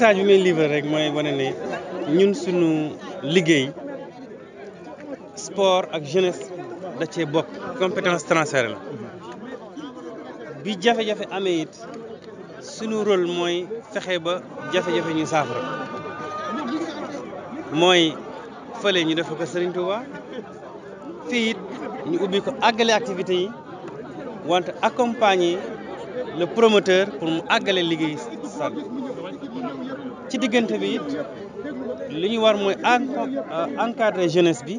message bi may livrer rek mooy wane ne ñun suñu liggéey sport ak jeunesse da cee bokk compétence transfert bi jafe-jafe amee it suñu rôle mooy fexe ba jafe-jafe ñu saafara mooy fële ñu def ko Serigne Touba fii it ñu ubbi ko àggale activité yi wante accompagner le promoteur pour mu àggale liggéey sànni. ci diggante bi it li ñu war mooy euh, encadrer jeunesse bi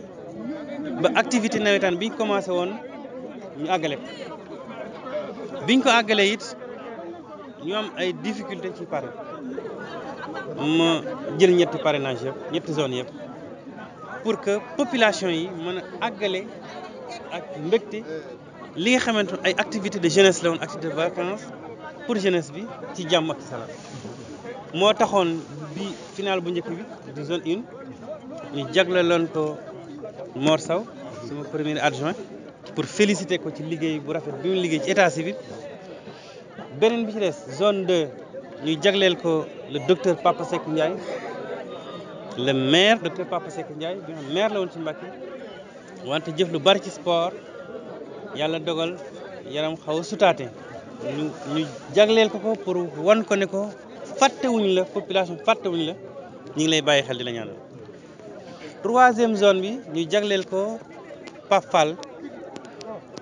ba activité nawetaan bi ñu commencé woon ñu àggale ko biñ ko àggale it ñu am ay difficulté ci pare ma jël ñetti parrainage yëpp ñetti zone yëpp pour que population yi mën a àggale ak mbégte li nga xamante ay activité de jeunesse la woon activité de vacances pour jeunesse bi ci jàmm ak salaam moo taxoon bi final bu njëkk bi di zone une ñu jagleeloon ko Mor Sow suma premier adjoint pour féliciter ko ci liggéey bu rafet bi mu liggéey ci état civil beneen bi ci des zone 2 ñu jagleel ko le docteur Papa Seck Ndiaye le maire docteur Papa Seck Ndiaye bi xam maire la woon ci Mbacké wante jëf lu bari ci sport yàlla dogal yaram xaw sutaate ñu jagleel ko ko pour wan ko ne ko fàttewuñ la population fàttewuñ la ñu ngi lay bàyyi xel di la ñaanal troisième zone bi ñu jagleel ko Pape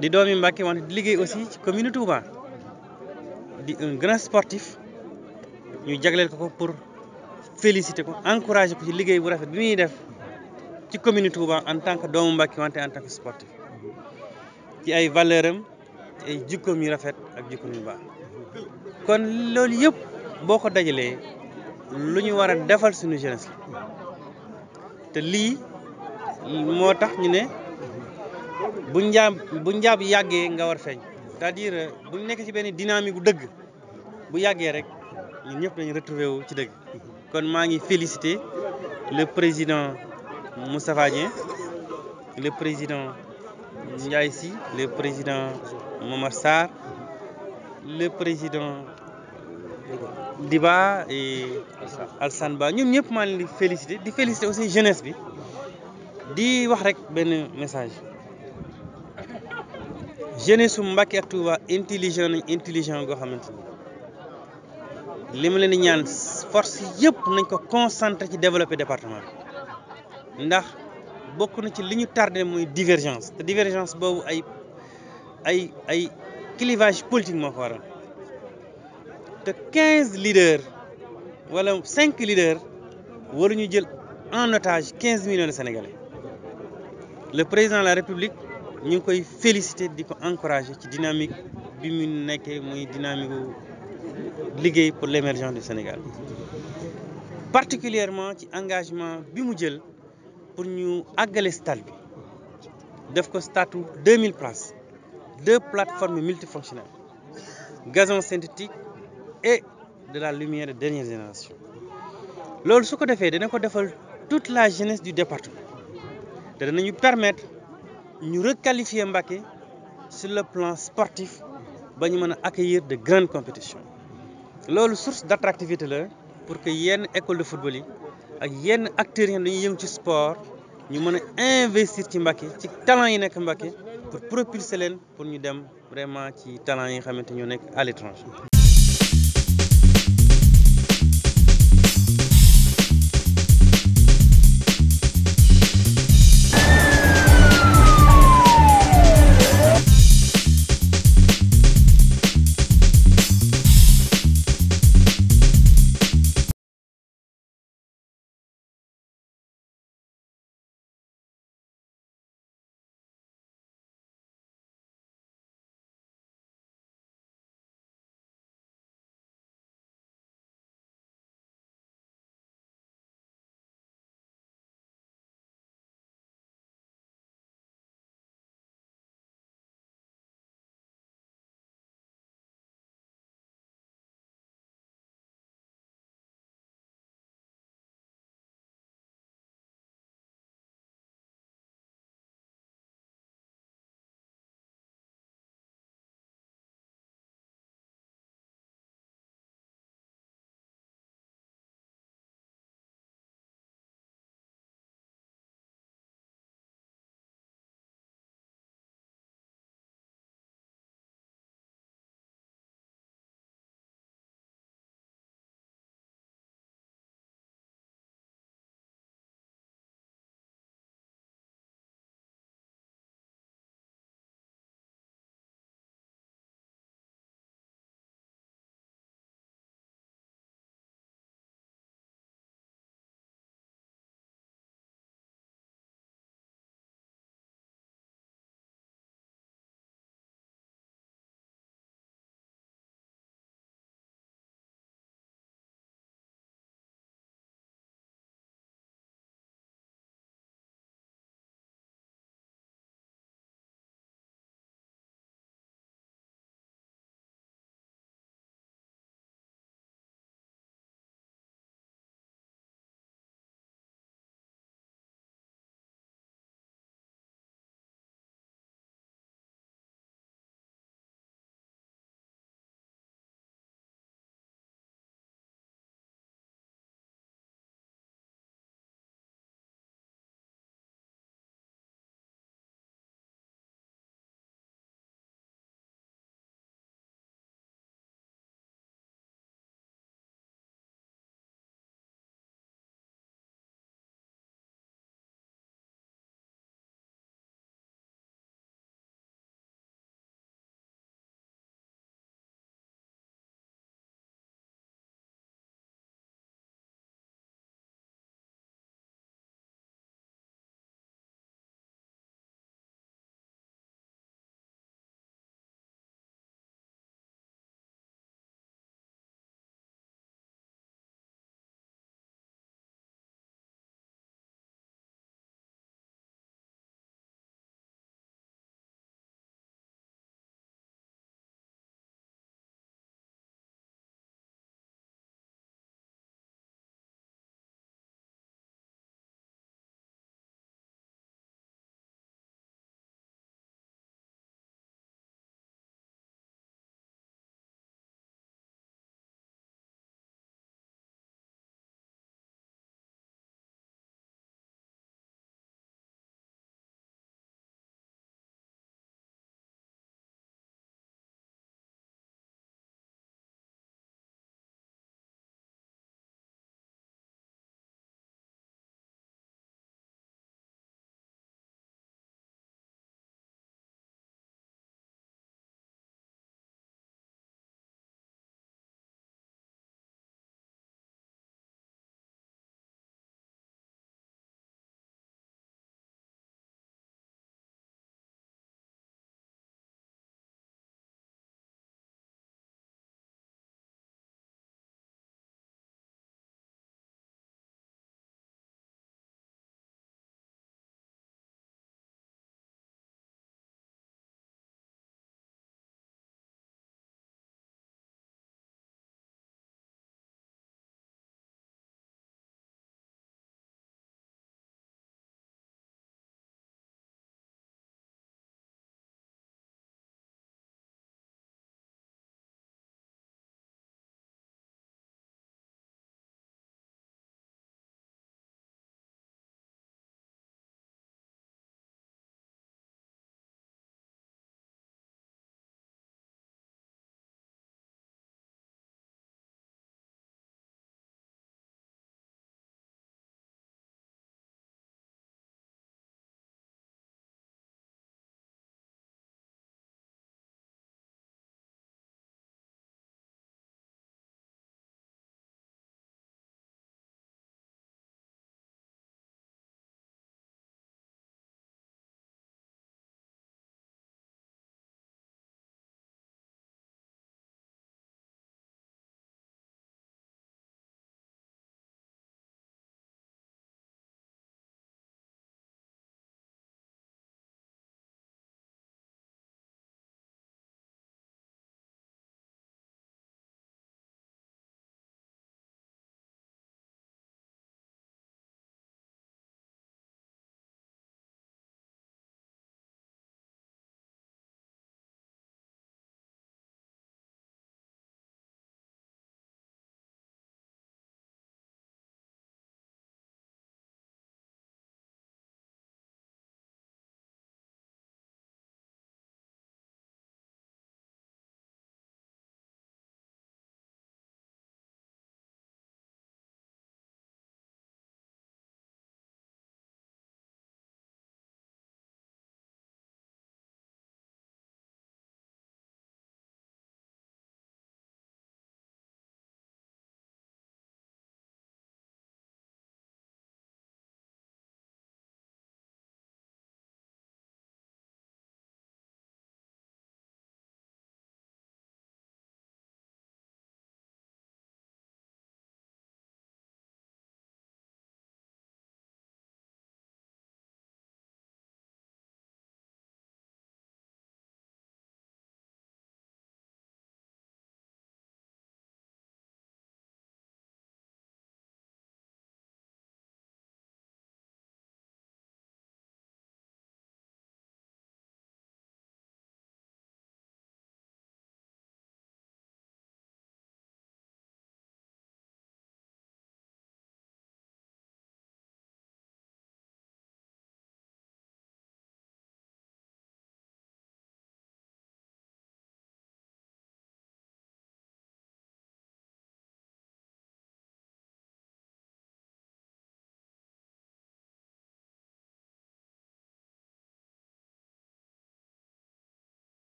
di doomi Mbàkke wante di liggéey aussi ci wu Touba di un grand sportif ñu jagleel ko pour féliciter ko encourager ko ci liggéey bu rafet bi muy def ci commune Touba en tant que doomu Mbàkke wante en tant que sportif ci ay valeur am ci ay jikkoom yu rafet ak jikkoom yu baax kon loolu yëpp. boo ko dajalee lu ñu war a defal suñu jeunesse la te lii moo tax ñu ne bu njaab bu njaab yàggee nga war feeñ c'est-à-dire bu ñu nekk ci benn dynamique bu dëgg bu yàggee rek ñun ñëpp nañu retrouver wu ci dëgg kon maa ngi féliciter le président Moustapha Dieng le président Ndiaye si le président Momar Sarr le président Diba et Alsan ñoom ñëpp maa leen di félicité di félicité aussi jeunesse bi di wax rek benn message jeunesse su Mbàkke ak Touba intelligent nañ intelligent goo xamante ni li ma leen di ñaan force yëpp nañ ko concentré ci développer département ndax bokk na ci li ñu tardé muy divergence te divergence boobu ay ay ay clivage politique moo ko waral te quinze leaders wala cinq leaders waruñu jël en otage quinze millions de sénégalais le président de la république ñu ngi koy féliciter di ko encourager ci dinamique bi mu nekkee muy dynamique liggéey pour l'émergence du Sénégal particulièrement ci engagement bi mu jël pour ñu àggale stade bi def ko stade 2000 places deux plateformes multifonctionnelles gazon synthétique de la lumière de dernière génération loolu su ko defee dana ko defal toute la jeunesse du département te danañu permettre ñu requalifier Mbacké sur le plan sportif ba ñu mën a accueillir de grande compétition loolu source d'attractivité la pour que yenn école de football yi ak yenn acteurs yi xam dañuy yëngu ci sport ñu mën a investir ci Mbacké ci talent yi nekk Mbacké pour propulser leen pour ñu dem vraiment ci talent yi nga xamante ñoo nekk à l'étranger